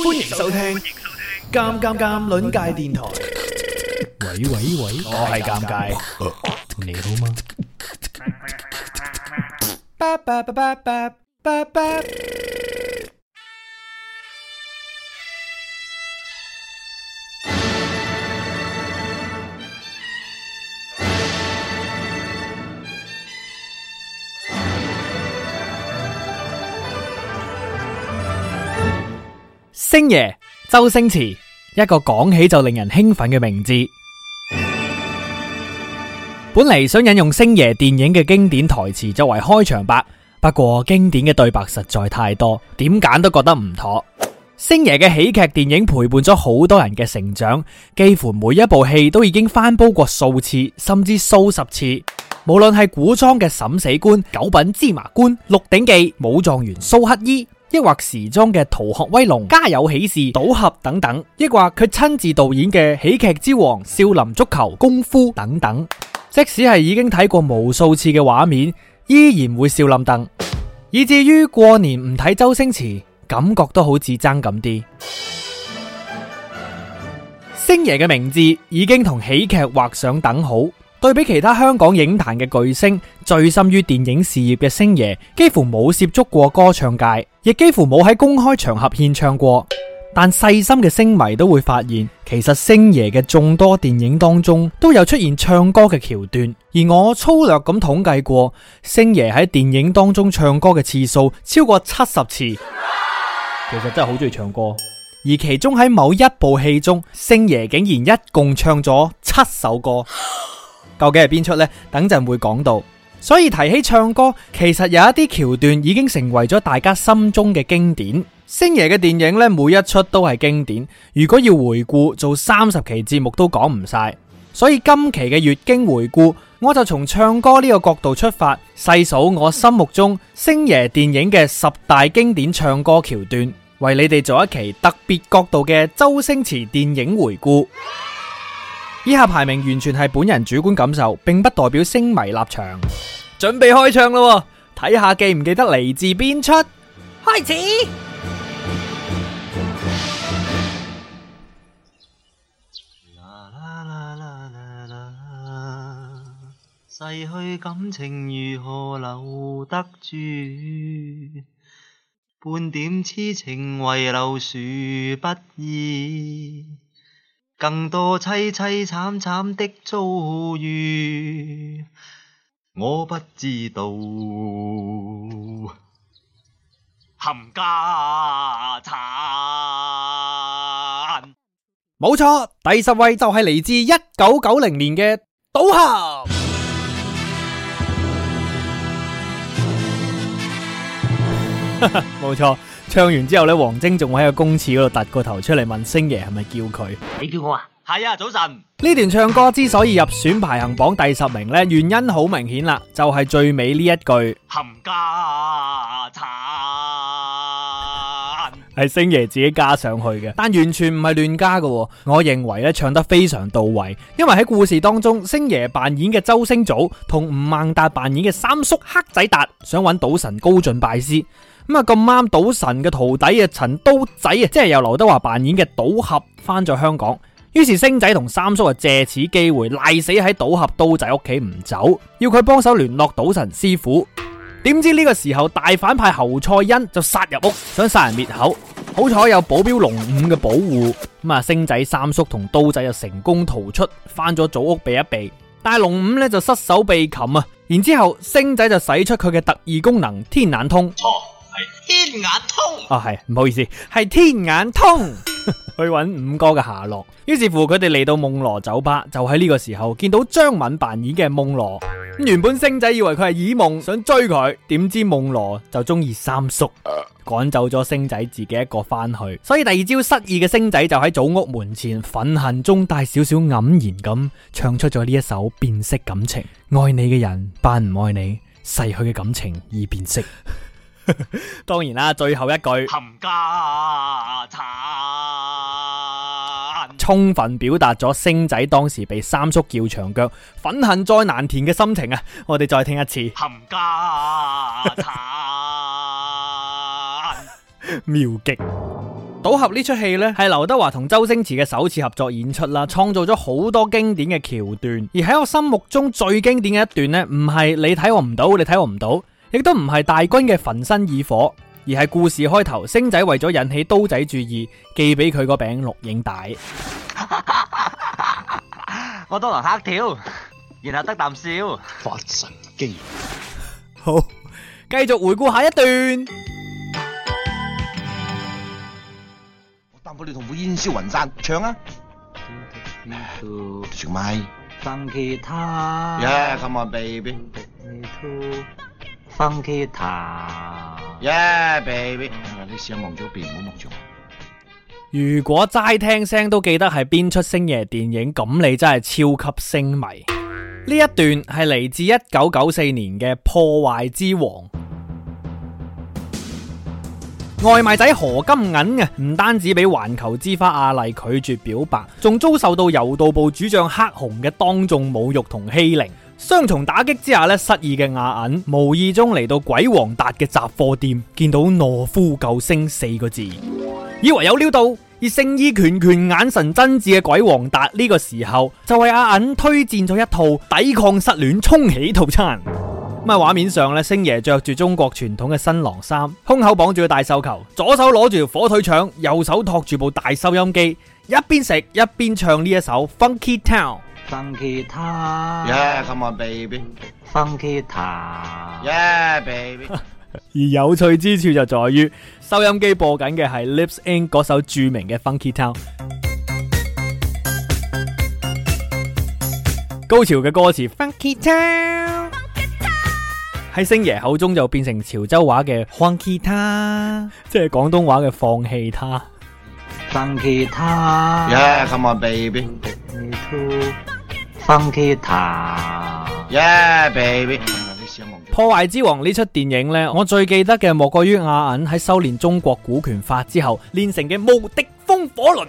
歡迎收聽《尷尷尷》輪界電台。喂喂喂，我係尷尬，你好嗎？星爺周星馳，一個講起就令人興奮嘅名字，本嚟想引用星爺電影嘅經典台詞作為開場白，不過經典嘅對白實在太多，點揀都覺得唔妥。星爺嘅喜劇電影陪伴咗好多人嘅成長，幾乎每一部戲都已經翻煲過數次，甚至數十次。 無論係古裝嘅審死官、九品芝麻官、《鹿鼎記》、《武狀元蘇乞兒》。抑或時裝嘅《逃學威龍》、《家有喜事》、《賭俠》等等，抑或佢親自導演嘅《喜劇之王》、《少林足球》、《功夫》等等， 即使係已經睇過無數次嘅畫面，依然會笑冧凳，以至於過年唔睇周星馳，感覺都好似爭咁啲。星爺嘅名字已經同喜劇畫上等號。對比其他香港影壇嘅巨星，最深於電影事業嘅星爺幾乎冇涉足過歌唱界，亦幾乎冇喺公開場合獻唱過。但細心嘅星迷都會發現，其實星爺嘅眾多電影當中都有出現唱歌嘅橋段。而我粗略咁統計過，星爺喺電影當中唱歌嘅次數超過七十次， 其實真係好中意唱歌。 而其中喺某一部戲中，星爺竟然一共唱咗七首歌。究竟係邊出呢？等陣會講到。所以提起唱歌，其實有一啲橋段已經成為咗大家心中嘅經典。星爺嘅電影呢，每一出都係經典。如果要回顧，做三十期節目都講唔晒。所以今期嘅月經回顧，我就從唱歌呢個角度出發，細數我心目中星爺電影嘅十大經典唱歌橋段，為你哋做一期特別角度嘅周星馳電影回顧。以下排名完全係本人主觀感受，並不代表聲迷立場。準備開唱咯！睇下記唔記得嚟自邊出？開始。啦啦啦啦啦，逝去感情如何留得住？半點痴情為留樹不易。更多淒淒慘慘的遭遇，我不知道。冚家鏟，冇錯，第十位就係嚟自一九九零年嘅賭俠。冇錯。 唱完之後呢，王晶仲會喺個公廁嗰度突個頭出嚟問星爺係咪叫佢？你叫我啊？係啊，早晨。呢段唱歌之所以入選排行榜第十名呢，原因好明顯啦，就係最尾呢一句，冚家鏟係星爺自己加上去嘅，但完全唔係亂加噶。我認為呢，唱得非常到位，因為喺故事當中，星爺扮演嘅周星祖同吳孟達扮演嘅三叔黑仔達想揾賭神高進拜師。咁啊！咁啱，賭神嘅徒弟啊，陳刀仔啊，即係由劉德華扮演嘅賭俠，翻咗香港。於是星仔同三叔啊，借此機會賴死喺賭俠刀仔屋企唔走，要佢幫手聯絡賭神師傅。點知呢個時候，大反派侯賽恩就殺入屋，想殺人滅口。好彩有保鏢龍五嘅保護，咁啊，星仔、三叔同刀仔就成功逃出，翻咗祖屋避一避。但龍五呢，就失手被擒啊。然之後，星仔就使出佢嘅特異功能天眼通。天眼通啊，係唔好意思，係天眼通 去揾五哥嘅下落。於是乎，佢哋嚟到夢羅酒吧，就喺呢個時候見到張敏扮演嘅夢羅。原本星仔以為佢係以夢想追佢，點知夢羅就中意三叔，趕走咗星仔自己一個翻去。所以第二朝失意嘅星仔就喺祖屋門前憤恨中帶少少黯然咁唱出咗呢一首變色感情， 愛你嘅人扮唔愛你，逝去嘅感情易變色。 當然啦，最後一句，冚家鏟，充分表達咗星仔當時被三叔叫長腳，憤恨再難填嘅心情啊！我哋再聽一次，冚家鏟， 妙極擊！賭俠呢出戲呢係劉德華同周星馳嘅首次合作演出啦，創造咗好多經典嘅橋段。而喺我心目中最經典嘅一段呢唔係你睇我唔到，你睇我唔到。亦都唔係大軍嘅焚身以火，而係故事開頭，星仔為咗引起刀仔注意，寄俾佢個餅錄影帶。我都能吓跳，然後得啖笑。發神經。好，繼續回顧下一段。我擔保你同我煙消雲散，唱啊。Yeah, 啊、如果齋聽聲都記得係邊出星爺電影，咁你真係超級星迷。呢 一段係嚟自一九九四年嘅《破壞之王》。 外賣仔何金銀啊唔單止俾環球之花阿麗拒絕表白，仲遭受到柔道部主將黑熊嘅當眾侮辱同欺凌。雙重打擊之下咧，失意嘅阿銀無意中嚟到鬼王達嘅雜貨店，見到懦夫救星四個字，以為有料到。而誠意拳拳眼神真摯嘅鬼王達呢個時候就為阿銀推薦咗一套抵抗失戀沖喜套餐。咁啊，畫面上咧，星爺着住中國傳統嘅新郎衫，胸口綁住個大繡球，左手攞住條火腿腸，右手托住部大收音機，一邊食一邊唱呢一首 Funky Town。Funky Town，耶，come on baby，Funky Town，耶，baby。而有趣之處就在於，收音機播緊嘅係 Lipps Inc 嗰首著名嘅 Funky Town，高潮嘅歌詞 Funky Town，喺星爺口中就變成潮州話嘅 Funky Town，即係廣東話嘅放棄他。破壞之王呢出電影呢，我最記得嘅莫過於阿銀喺修煉中國古拳法之後練成嘅無敵風火輪。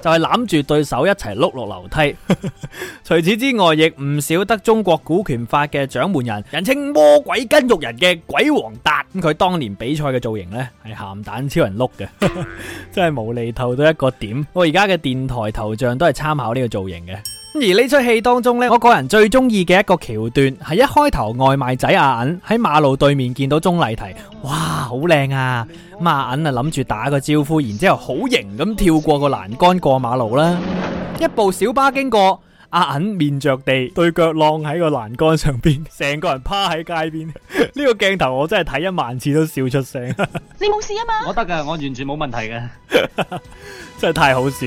就係攬住對手一齊碌落樓梯。 除此之外，亦唔少得中國古拳法嘅掌門人，人稱魔鬼筋肉人嘅鬼王達。咁佢當年比賽嘅造型呢，係咸蛋超人碌嘅， 真係無厘頭到一個點。我而家嘅電台頭像都係參考呢個造型嘅。而呢齣戲當中呢，我個人最中意嘅一個橋段係一開頭外賣仔阿銀喺馬路對面見到鍾麗緹，哇，好靚啊！阿銀啊諗住打個招呼，然之後好型咁跳過個欄杆過馬路啦。嗯、一部小巴經過，阿銀面着地，對腳晾喺個欄杆上邊，成個人趴喺街邊。呢 個鏡頭我真係睇一萬次都笑出聲。 你冇事啊嘛？我得噶，我完全冇問題嘅， 真係太好笑。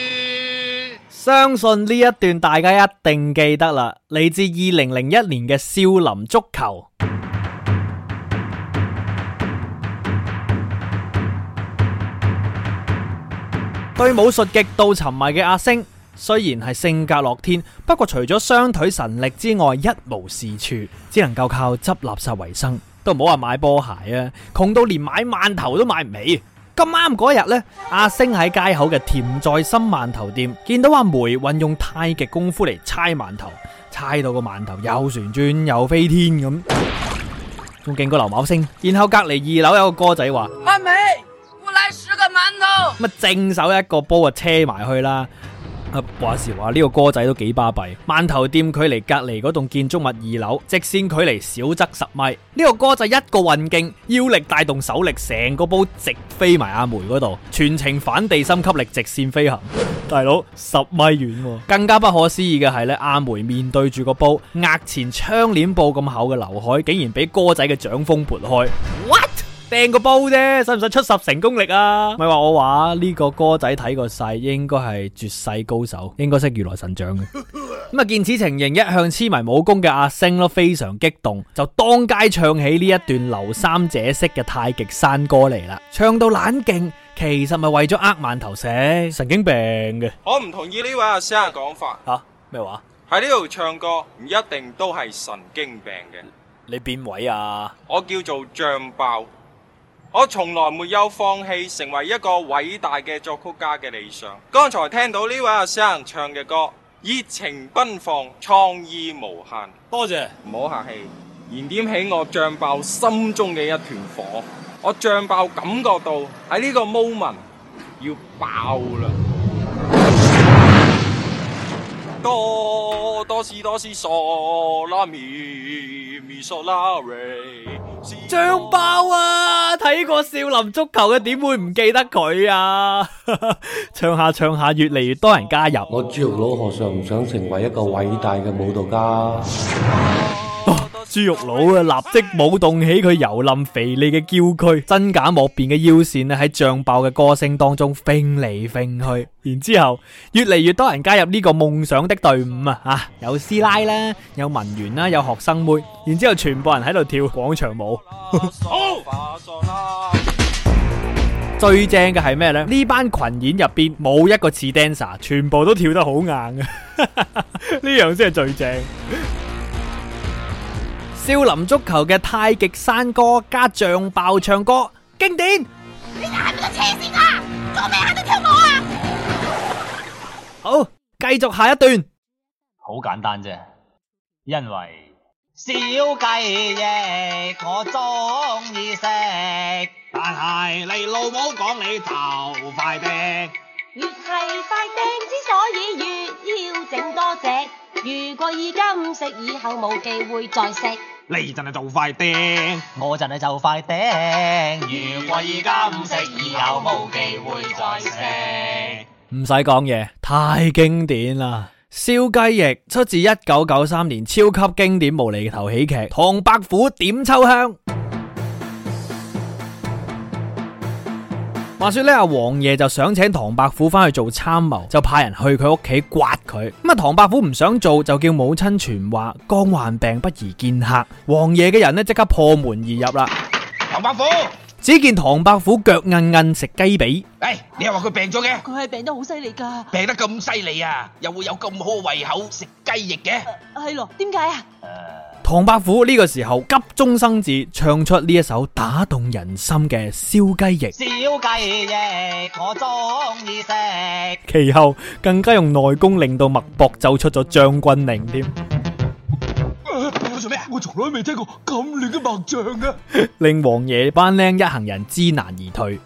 相信呢一段大家一定記得啦，嚟自二零零一年嘅《少林足球》。 對武術極度沉迷嘅阿星，雖然係性格樂天，不過除咗雙腿神力之外一無是處，只能夠靠執垃圾為生。都唔好話買波鞋啊，窮到連買饅頭都買唔起。咁啱嗰日呢，阿星喺街口嘅甜在心饅頭店見到阿梅運用太極功夫嚟猜饅頭，猜到個饅頭又旋轉又飛天咁，仲勁過劉茂星。然後隔籬二樓有個哥仔話：阿梅，我嚟十個饅頭。咁啊正手一個波啊，車埋去啦。話時話，呢個歌仔，都幾巴閉，饅頭店距離隔籬嗰棟建築物二樓，直線距離少則十米。呢、這個歌仔一個運勁，腰力帶動手力，成個煲直飛埋阿梅嗰度，全程反地心吸力，直線飛行。大佬十米遠、啊，更加不可思議嘅係呢，阿梅面對住個煲，額前窗簾布咁厚嘅劉海，竟然俾歌仔嘅掌風撥開。掟個煲啫，使唔使出十成功力啊？咪話我話呢、這個歌仔睇個勢應該係絕世高手，應該識如來神掌嘅。咁啊 見此情形，一向痴迷武功嘅阿星都非常激動，就當街唱起呢一段劉三姐式嘅太極山歌嚟啦。唱到冷勁，其實咪為咗呃饅頭食，神經病嘅。我唔同意呢位阿星嘅講法。吓咩、啊、話？喺呢度唱歌唔一定都係神經病嘅。你邊位啊？我叫做醬爆。我從來沒有放棄成為一個偉大嘅作曲家嘅理想。剛才聽到呢位阿 Sir 唱嘅歌，熱情奔放，創意無限。多謝，謝，唔好客氣。燃點起我醬爆心中嘅一團火，我醬爆感覺到喺呢個 moment 要爆啦。多多士士啦，啦，咪張包啊！睇過少林足球嘅點會唔記得佢啊？ 唱下唱下，越嚟越多人加入。我豬肉佬何嘗唔想成為一個偉大嘅舞蹈家。豬肉佬啊，立即舞動起佢油淋肥膩嘅嬌軀，真假莫辨嘅腰線呢，喺脹爆嘅歌聲當中飛嚟飛去，然之後越嚟越多人加入呢個夢想的隊伍啊！啊，有師奶啦，有文員啦，有學生妹，然之後全部人喺度跳廣場舞。 好最正嘅係咩呢？呢班群演入面冇一個似 dancer，全部都跳得好硬嘅，呢樣先係最正。少林足球嘅太極山歌加象爆唱歌經典，你哋係咪個黐線啊？做咩喺度跳舞啊？好，繼續下一段，好簡單啫，因為小雞翼我中意食，但係你老母講你頭塊病，越係塊病，之所以越要整多隻。如果而家唔食，以後冇機會再食。你真係做快啲，我真係做快啲。如果而家唔食，以後冇機會再食。唔使講嘢，太經典啦！燒雞翼出自一九九三年超級經典無厘頭喜劇《唐伯虎點秋香》。話說咧，阿王爺就想請唐伯虎翻去做參謀，就派人去佢屋企刮佢。咁啊，唐伯虎唔想做，就叫母親傳話：剛患病不宜見客。王爺嘅人呢，即刻破門而入啦。唐伯虎只見唐伯虎腳韌韌食雞髀，哎，你又話佢病咗嘅？佢係病得好犀利噶，病得咁犀利啊，又會有咁好胃口食雞翼嘅？係咯，點解啊？唐伯虎呢個時候急中生智，唱出呢一首打動人心嘅燒雞翼。燒雞翼，我中意食。其後更加用內功令到脈搏走出咗將軍令，添。做咩？我從來未聽過咁亂嘅白象啊！令王爺班靚一行人知難而退。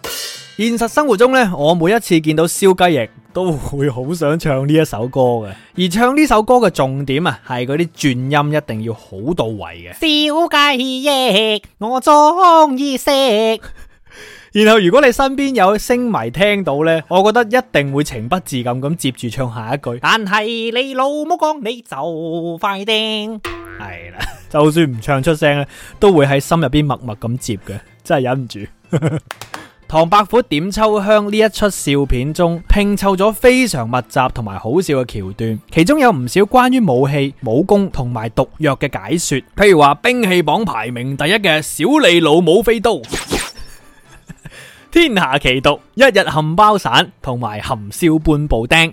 現實生活中呢，我每一次見到燒雞翼。都會好想唱呢一首歌嘅，而唱呢首歌嘅重點啊，係啲轉音一定要好到位嘅。燒雞翼，我中意食。 然後如果你身邊有聲迷聽到呢，我覺得一定會情不自禁咁接住唱下一句。但係你老母講你就快啲。係啦， 就算唔唱出聲咧，都會喺心入邊默默咁接嘅，真係忍唔住。 唐伯虎點秋香呢一齣笑片中，拼湊咗非常密集同埋好笑嘅橋段，其中有唔少關於武器、武功同埋毒藥嘅解說，譬如話兵器榜排名第一嘅小李老母飛刀， 天下奇毒，一日含包散，同埋含笑半步釘。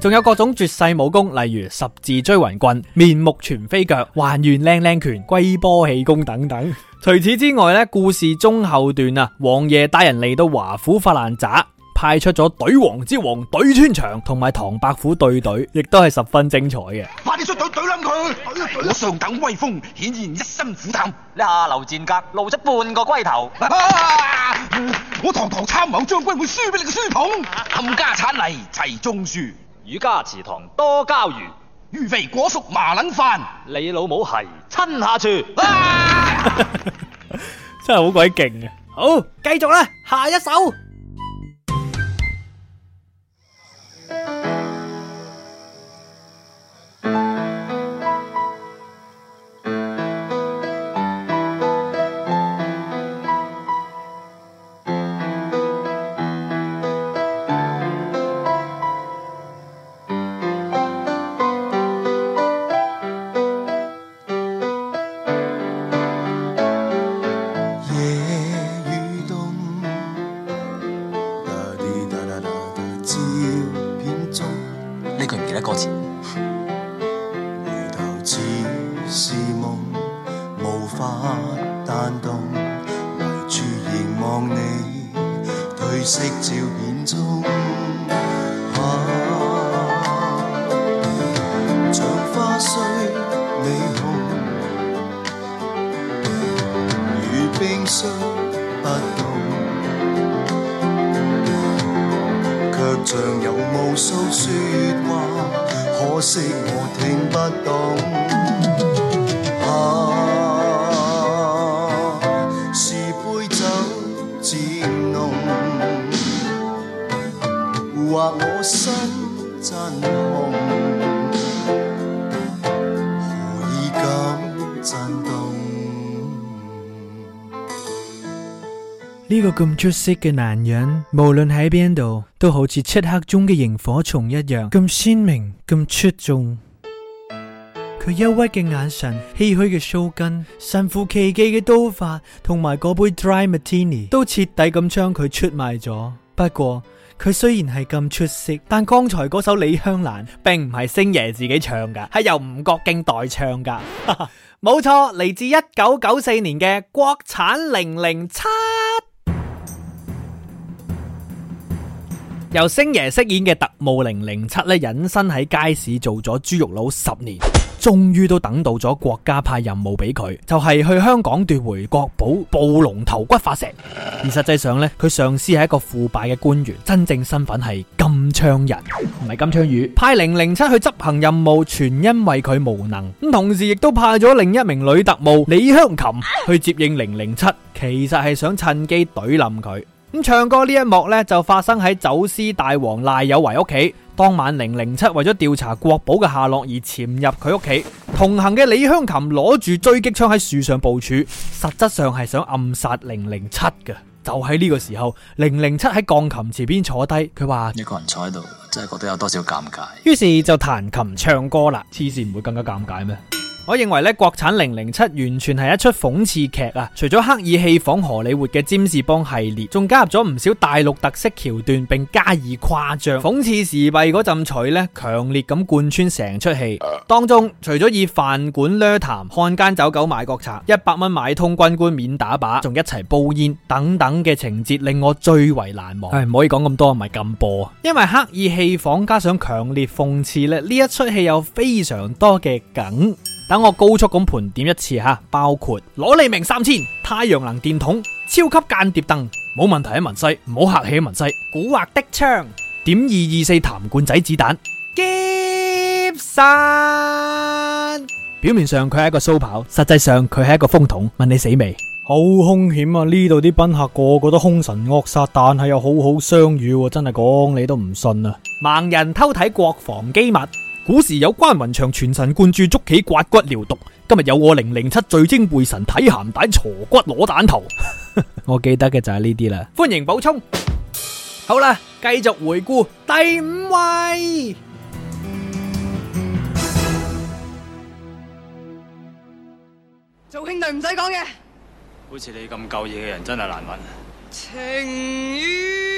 仲有各種絕世武功，例如十字追魂棍、面目全非腳、還原靚靚拳、龜波氣功等等。 除此之外咧，故事中後段啊，王爺帶人嚟到華府發爛渣，派出咗對王之王對穿牆同埋唐伯虎對對，亦都係十分精彩嘅。快啲出對對冧佢！我上等威風，顯然一身苦膽。你下流賤格，露出半個龜頭。啊、我堂堂參謀將軍會輸俾你個書童，冚、啊、家鏟泥齊中樹！漁家池塘多膠魚，魚肥果熟麻撚飯，你老母係親下廚，啊、 真係好鬼勁嘅。好，繼續啦，下一首。回頭只是夢，無法彈動，懷住凝望你，褪色照片中，啊，像花雖美好，如冰雖不凍，卻像有無數雪。可惜我聽不懂。呢個咁出色嘅男人，無論喺邊度，都好似漆黑中嘅螢火蟲一樣咁鮮明、咁出眾。佢憂鬱嘅眼神、唏噓嘅鬚根、神乎其技嘅刀法，同埋嗰杯 Dry Martini，都徹底咁將佢出賣咗。不過佢雖然係咁出色，但剛才嗰首《李香蘭》並唔係星爺自己唱噶，係由吳國敬代唱噶。冇 錯，嚟自一九九四年嘅國產零零七。由星爺飾演嘅特務零零七咧，隱身喺街市做咗豬肉佬十年，終於都等到咗國家派任務俾佢，就係去香港奪回國寶暴龍頭骨化石。而實際上呢，佢上司係一個腐敗嘅官員，真正身份係金槍人，唔係金槍魚。派零零七去執行任務，全因為佢無能。咁同時亦都派咗另一名女特務李香琴去接應零零七，其實係想趁機懟冧佢。咁唱歌呢一幕呢，就發生喺走私大王賴有為屋企。當晚，零零七為咗調查國寶嘅下落而潛入佢屋企，同行嘅李香琴攞住狙擊槍喺樹上部署，實質上係想暗殺零零七嘅。就喺呢個時候，零零七喺鋼琴前邊坐低，佢話一個人坐喺度，真係覺得有多少尷尬。於是就彈琴唱歌啦，黐線唔會更加尷尬咩？我認為咧，國產《零零七》完全係一出諷刺劇啊！除咗刻意戲仿荷里活嘅《占士邦》系列，仲加入咗唔少大陸特色橋段，並加以誇張諷刺時弊嗰陣取咧，強烈咁貫穿成出戲當中。除咗以飯館掠談、漢奸走狗賣國賊、一百蚊買通軍官免打靶，仲一齊煲煙等等嘅情節，令我最為難忘。係唔可以講咁多，唔係咁播啊！因為刻意戲仿加上強烈諷刺咧，呢一出戲有非常多嘅梗。等我高速咁盤點一次吓，包括攞你命三千、太陽能電筒、超級間諜燈，冇問題啊，文西，唔好客氣啊，文西。古惑的槍，點二二四彈罐仔子彈，傑森。表面上佢係一個蘇跑，實際上佢係一個風筒。問你死未？好凶險啊！呢度啲賓客個個都凶神惡煞，但係又好好相與，啊，真係講你都唔信啊！盲人偷睇國防機密。古時有關雲長全神貫注捉棋刮骨療毒，今日有我零零七聚精會神睇鹹帶鋤骨攞蛋頭。我記得嘅就係呢啲啦，歡迎補充。好啦，繼續回顧第五位。做兄弟唔使講嘅，好似你咁夠嘢嘅人真係難揾。清。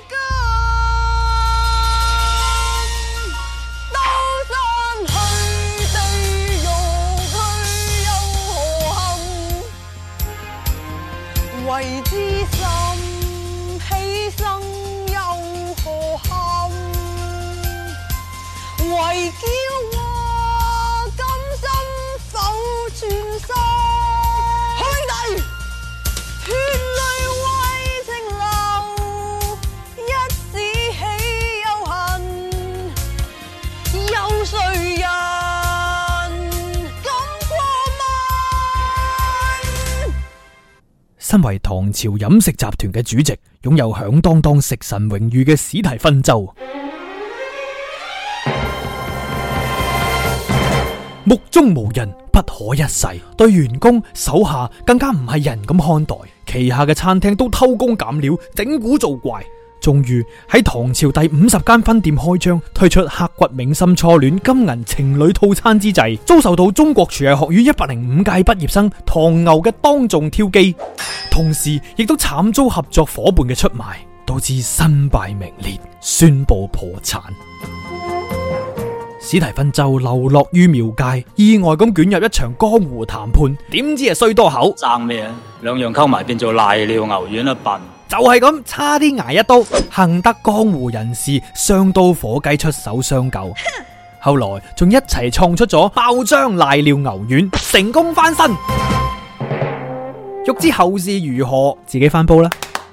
朝飲食集團嘅主席，擁有響當當食神榮譽嘅史提芬周，目中無人，不可一世，對員工手下更加唔係人咁看待，旗下嘅餐廳都偷工減料，整蠱做怪。終於喺唐朝第五十間分店開張，推出刻骨銘心初戀金銀情侶套餐之際，遭受到中國廚藝學院一百零五屆畢業生唐牛嘅當眾挑機，同時亦都慘遭合作伙伴嘅出賣，導致身敗名裂，宣布破產。 史提芬就流落於廟街，意外咁捲入一場江湖談判，點知係衰多口爭咩啊？兩樣溝埋變做瀨尿牛丸啦笨！就係咁，差啲捱一刀，幸得江湖人士雙刀火雞出手相救，後來仲一齊創出咗爆漿瀨尿牛丸，成功翻身。 欲知後事如何，自己翻煲啦。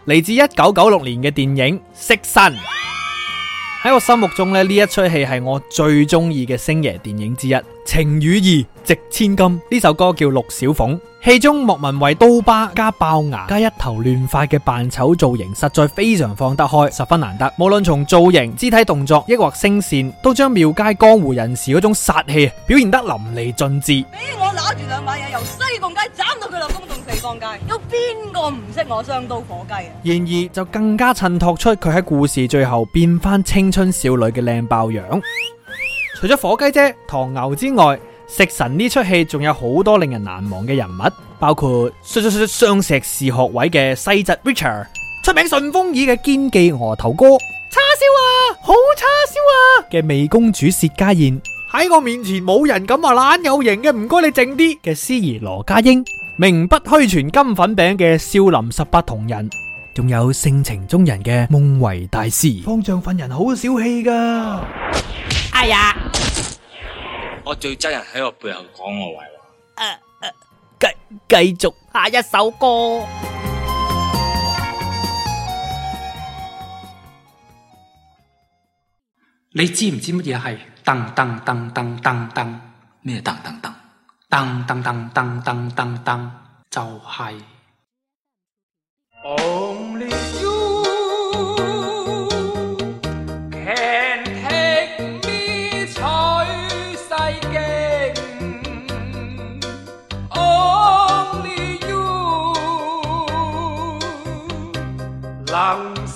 嚟自一九九六年嘅電影《食神，》 喺神 我心目中咧，呢一齣戲係我最中意嘅星爺電影之一。情與義值千金。呢首歌叫陸小鳳，戲中莫文蔚刀疤加爆牙加一頭亂髮嘅扮醜造型，實在非常放得開，十分難得。無論從造型、肢體動作，抑或聲線，都將廟街江湖人士嗰種殺氣表現得淋漓盡致。俾我拿住兩把嘢，由四方街斬到佢落公眾四方街，有邊個唔識我雙刀火雞啊？嗯、然而就更加襯托出佢喺故事最後變翻青春少女嘅靚爆樣。 除咗火雞姐、唐牛之外，《食神》呢出戲仲有好多令人難忘嘅人物，包括雙雙碩士學位嘅細侄 Richard， 出名順風耳嘅堅記鵝頭哥，叉燒啊，好叉燒啊嘅媚公主薛家燕，喺 我面前冇人敢話懶有型嘅，唔該你靜啲嘅司儀羅家英， 名不虛傳金粉餅嘅少林十八銅人，仲有性情中人嘅夢為大師，方丈份人好小氣噶。呀！我最憎人喺我背後講我壞話。繼繼續下一首歌。你知唔知乜嘢係噔噔噔噔噔噔？咩噔噔噔？噔噔噔噔噔噔噔就係。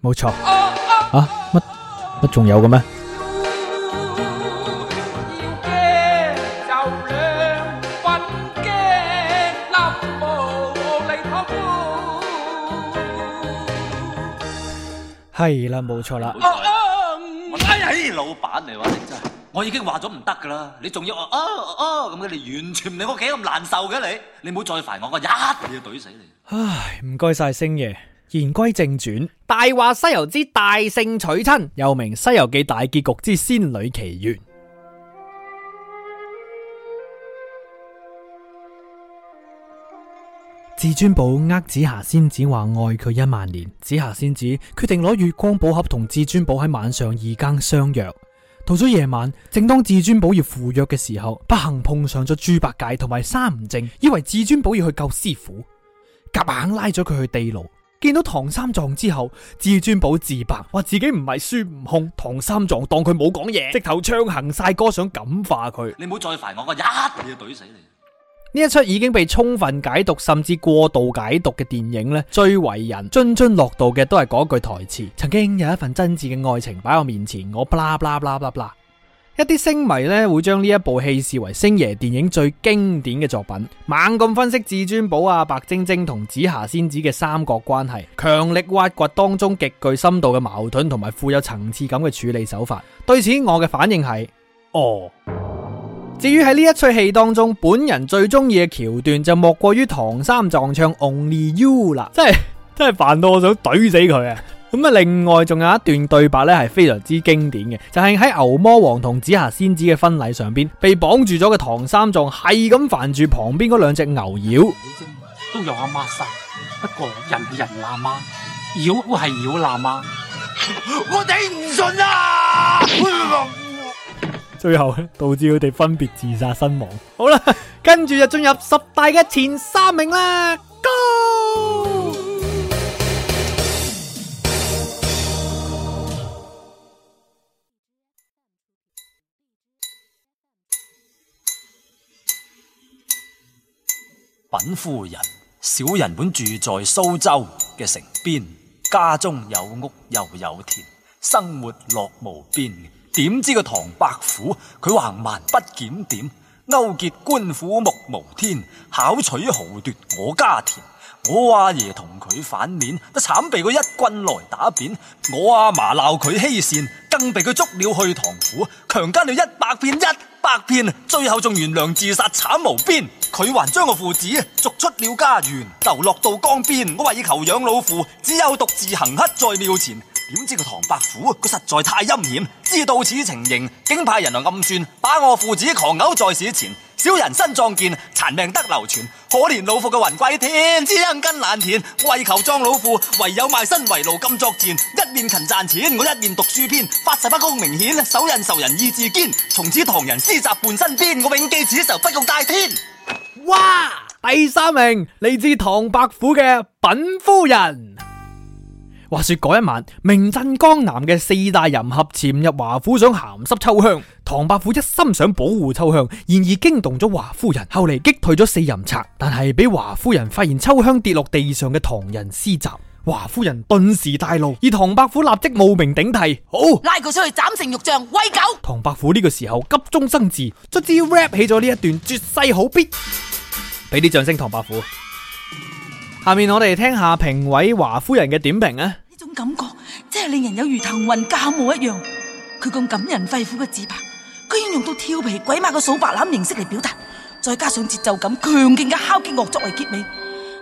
冇錯，啊乜乜仲有嘅咩？要驚就兩份驚，無厘頭。係啦，冇錯啦。哎呀，老闆嚟，話你真係，我已經話咗唔得噶啦，你仲要啊啊咁嘅，你完全唔理我幾咁難受嘅你，你唔好再煩我，我一定要懟死你。唉，唔該晒星爺。言歸正傳，《大話西遊之大聖娶親》，又名《西遊記大結局之仙女奇緣》。至 尊寶呃紫霞仙子話愛佢一萬年，紫霞仙子決定攞月光寶盒同至尊寶喺晚上二更相約。到咗夜晚，正當至尊寶要赴約嘅時候，不幸碰上咗豬八戒同埋三唔正，以為至尊寶要去救師傅，夾硬硬拉咗佢去地牢。見到唐三藏之後，至尊寶自白話自己唔係孫悟空。唐三藏當佢冇講嘢，直頭唱行晒歌想感化佢。你唔好再煩我，我一定要懟死你。呢一出已經被充分解讀甚至過度解讀嘅電影咧，最為人津津樂道嘅都係嗰句台詞：曾經有一份真摯嘅愛情擺喺我面前，我不啦啦啦啦。一啲星迷咧會將呢一部戲視為星爺電影最經典嘅作品，猛咁分析至尊寶啊、白晶晶同紫霞、霞仙子嘅三角關係，強力挖掘當中極具深度嘅矛盾同埋富有層次感嘅處理手法。對此我嘅反應係：哦。至於喺呢一齣戲當中，本人最中意嘅橋段就莫過於唐三藏唱 Only You 啦，真係真係煩到我想懟死佢啊！咁啊，另外仲有一段對白咧，係非常之經典嘅，就係喺牛魔王同紫霞仙子嘅婚禮上邊，被綁住咗嘅唐三藏，係咁煩住旁邊嗰兩隻牛妖，都有阿媽生，不過人係人喇媽，妖都係妖喇媽， 我頂唔順啊！ 最後導致佢哋分別自殺身亡。好啦，跟住就進入十大嘅前三名啦，Go！稟夫人，小人本住在蘇州嘅城邊，家中有屋又有田，生活樂無邊。點知個唐伯虎，佢橫蠻不檢點，勾結官府目無天，巧取豪奪我家田。我阿爺同佢反面，都慘被佢一棍來打扁。我阿嫲鬧佢欺善，更被佢捉了去唐府，強姦了一百遍一百遍，最後仲原諒自殺慘無邊，佢還將我父子逐出了家園，流落到江邊。我為求養老父，只有獨自行乞在廟前。點知個唐伯虎佢實在太陰險，知道此情形，竟派人來暗算，把我父子狂毆在史前。小人身壯健，殘命得流傳。可憐老父嘅魂歸天，只恩根難填。為求葬老父，唯有賣身為奴甘作賤。一面勤賺錢，我一面讀書篇。發誓不攻明顯，手刃仇人意志堅。從此唐人詩集伴身邊，我永記此仇不共戴天。哇！第三名嚟自唐伯虎嘅品夫人。話說嗰一晚，名震江南嘅四大淫俠潛入華府想咸濕秋香。唐伯虎一心想保護秋香，然而驚動咗華夫人，後嚟擊退咗四淫賊，但係俾華夫人發現秋香跌落地上嘅唐人詩集，華夫人頓時大怒，而唐伯虎立即冒名頂替，好、哦、拉佢出去斬成肉醬餵狗。唐伯虎呢個時候急中生智，卒之，rap 起咗呢一段絕世好筆，俾啲掌聲唐伯虎。下面我哋聽下評委華夫人嘅點評啊！呢種感覺真係令人有如騰雲駕霧一樣，佢咁感人肺腑嘅自白，居然用到調皮鬼馬嘅數白欖形式嚟表達，再加上節奏感強勁嘅敲擊樂作為結尾，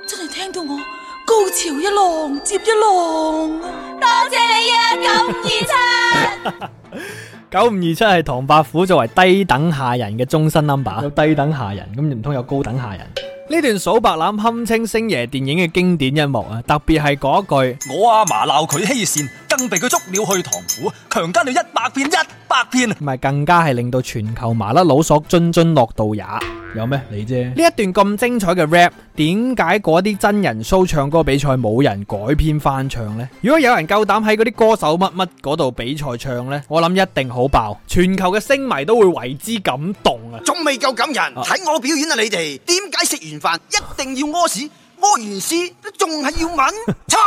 真係聽到我高潮一浪接一浪啊！多謝你啊，九五二七！九五二七係唐伯虎作為低等下人嘅終身 number。有低等下人咁唔通有高等下人？呢段數白欖堪稱星爺電影嘅經典音樂啊，特別係嗰句我阿嫲鬧佢欺善，更被佢捉了去唐府，強姦咗一百遍一百遍，咪更加係令到全球麻甩佬所津津樂道也。有咩你啫？呢一段咁精彩嘅 rap，點解嗰啲真人 show 唱歌比賽冇人改編翻唱呢？如果有人夠膽喺嗰啲歌手乜乜嗰度比賽唱呢，我諗一定好爆，全球嘅星迷都會為之感動啊！仲未夠感人，睇我表演啊！你哋點解食完？一定要屙屎，屙完屎都仲係要吻，錯！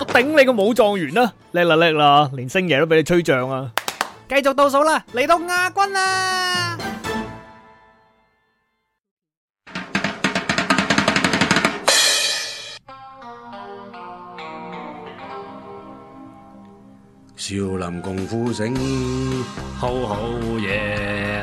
我頂你個武狀元啦，叻啦叻啦，連星爺都俾你吹脹啊！繼續倒數啦，嚟到亞軍啦！少林功夫醒，好好嘢！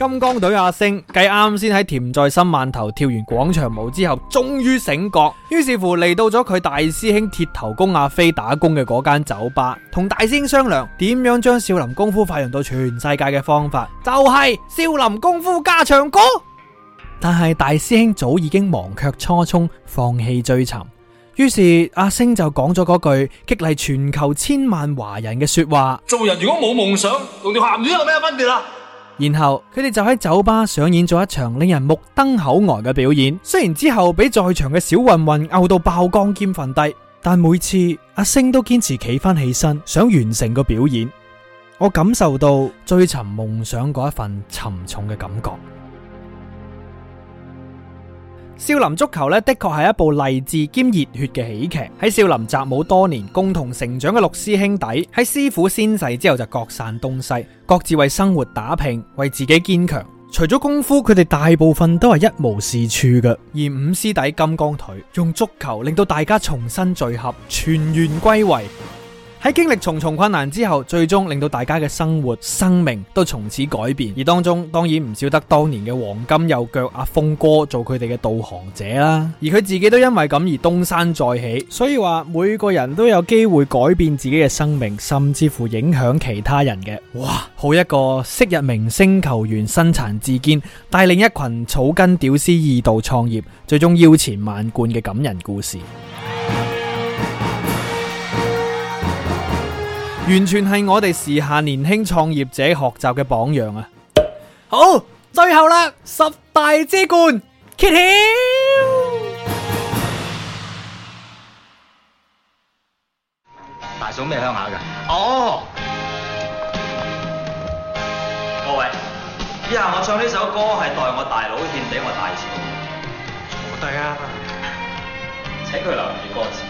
金剛隊阿星繼啱先喺甜在心饅頭跳完廣場舞之後，終於醒覺，於是乎嚟到咗佢大師兄鐵頭功阿飛打工嘅嗰間酒吧，同大師兄商量點樣將少林功夫發揚到全世界嘅方法，就係少林功夫加唱歌。但係大師兄早已經忘卻初衷，放棄追尋，於是阿星就講咗嗰句激勵全球千萬華人嘅說話：做人如果冇夢想，同條鹹魚有咩分別啊！然後佢哋就喺酒吧上演咗一場令人目瞪口呆嘅表演。雖然之後俾在場嘅小混混毆到爆光兼瞓低，但每次阿星都堅持企翻起身，想完成個表演。我感受到追尋夢想嗰一份沉重嘅感覺。少林足球呢，的確係一部勵志兼熱血嘅喜劇。喺少林習武多年共同成長嘅六師兄弟，喺師父仙逝之後就各散東西，各自為生活打拼，為自己堅強。除咗功夫，佢哋大部分都係一無是處嘅。而五師弟金剛腿用足球令到大家重新聚合，全員歸位。喺經歷重重困難之後，最終令到大家嘅生活、生命都從此改變。而當中當然唔少得當年嘅黃金右腳阿峰哥做佢哋嘅導航者啦。而佢自己都因為咁而東山再起，所以話每個人都有機會改變自己嘅生命，甚至乎影響其他人嘅。哇！好一個昔日明星球員身殘志堅，帶領一群草根屌絲二度創業，最終腰纏萬貫嘅感人故事。完全係我哋時下年輕創業者學習嘅榜樣啊！好，最後啦，十大之冠，揭曉！大嫂咩鄉下㗎？哦，各位，以下我唱呢首歌係代我大佬獻俾我大嫂。係啊，請佢留意歌詞。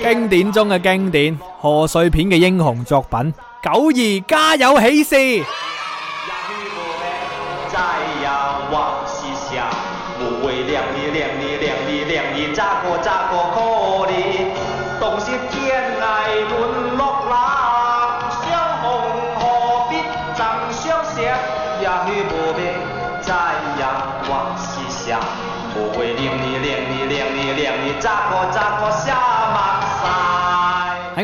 經典中嘅經典，賀歲片嘅英雄作品，九二家有喜事！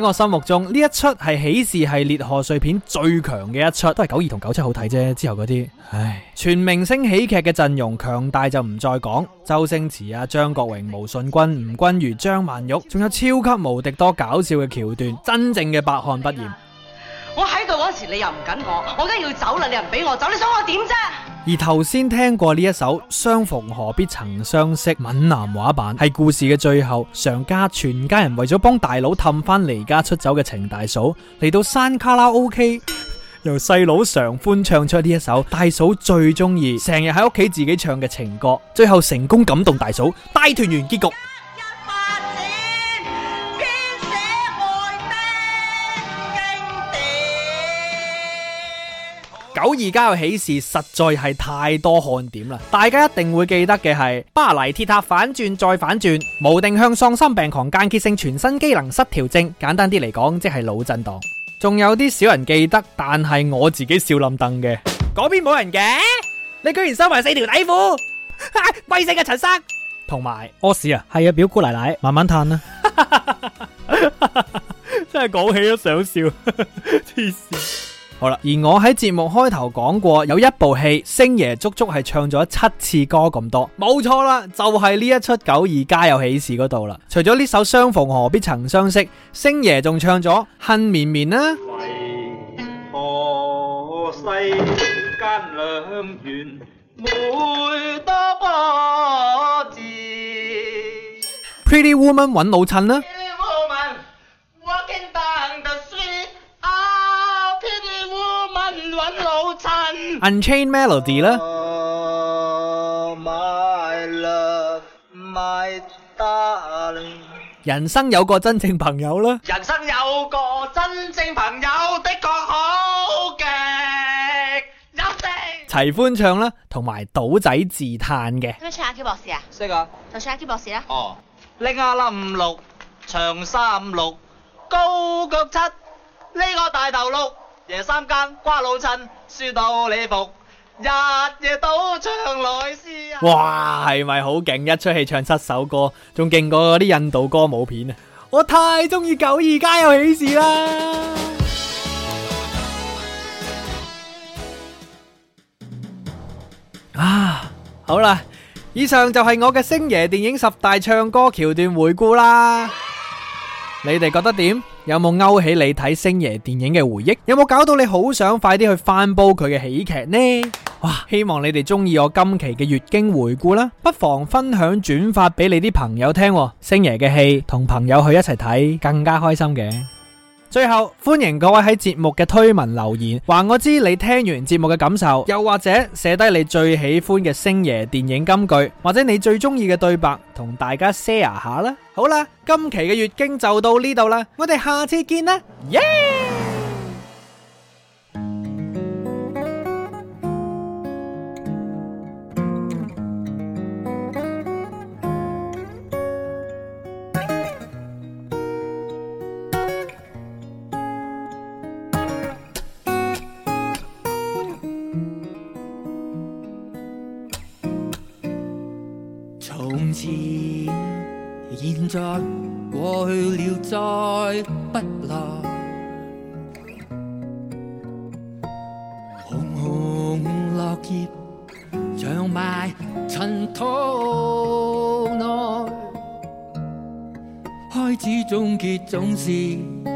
我心目中呢一出係喜事系列賀歲片最強嘅一出，都係九二同九七好睇啫。之後嗰啲，唉，全明星喜劇嘅陣容強大就唔再講，周星馳啊、張國榮、毛舜筠、吳君如、張曼玉，仲有超級無敵多搞笑嘅橋段，真正嘅百看不厭。我喺度嗰時你又唔緊我，我梗係要走啦，你又唔俾我走，你想我點啫？而頭先聽過呢一首《相逢何必曾相識》閩南話版，係故事嘅最後，常家全家人為咗幫大佬氹翻離家出走嘅程大嫂，嚟到山卡拉 OK，由細佬常歡唱出呢一首大嫂最中意，成日喺屋企自己唱嘅情歌，最後成功感動大嫂，大團圓結局。九二家嘅喜事，實在係太多看點啦！大家一定會記得嘅係巴黎鐵塔反轉再反轉，無定向喪心病狂間歇性全身機能失調症，簡單啲嚟講即係腦震盪。仲有啲少人記得，但係我自己笑冧凳嘅。嗰邊冇人嘅？你居然收埋四條底褲，貴 死嘅陳、啊、生？同埋屙屎啊，係啊表姑奶奶，慢慢嘆啦。 真係講起都想笑，黐線。好啦，而我喺節目開頭講過，有一部戲，星爺足足係唱咗七次歌咁多，冇錯啦，就係、是、呢一出《九二家有喜事》嗰度啦。除咗呢首《相逢何必曾相識》，星爺仲唱咗《恨綿綿，綿》啊、為何世間兩每八字。Pretty Woman 揾老襯啦、啊。Unchained Melody 啦，my love my darling，人生有個真正朋友咧，人生有個真正朋友的確好勁，一齊齊歡唱啦，同埋賭仔自嘆嘅，做乜唱阿 Q 博士啊？識啊，就唱阿 Q 博士啦。哦，拎阿冧五六，長三六，高腳七，呢個大頭六，夜三更瓜老襯。輸到你服，日夜都唱來試啊！哇，係咪好勁？一出戲唱七首歌，仲勁過嗰啲印度歌舞片啊！我太中意九二家有喜事啦！啊，好啦，以上就係我嘅星爺電影十大唱歌橋段回顧啦。你哋覺得點？有冇勾起你睇星爺電影嘅回憶？有冇搞到你好想快啲去翻煲佢嘅喜劇呢？哇！希望你哋中意我今期嘅粵語回顧啦，不妨分享轉發俾你啲朋友聽。星爺嘅戲同朋友去一齊睇，更加開心嘅。最後，歡迎各位喺節目嘅推文留言，話我知你聽完節目嘅感受，又或者寫低你最喜歡嘅星爺電影金句，或者你最中意嘅對白，同大家 share 下啦。好啦，今期嘅月經就到呢度啦，我哋下次見啦，耶、yeah！紅紅落葉長埋塵土內，開始終結總是。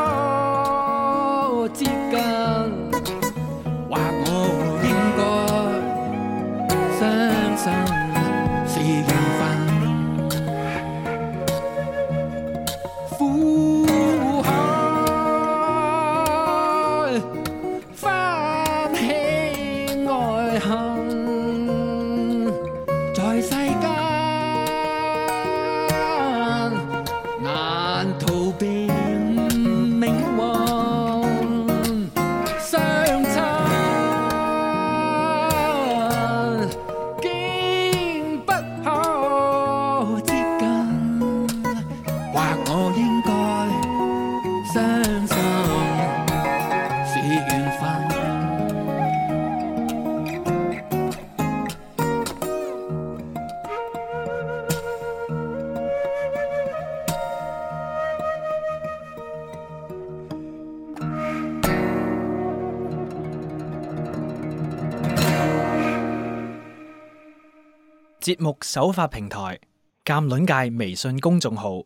首發平台：鑒論界微信公眾號。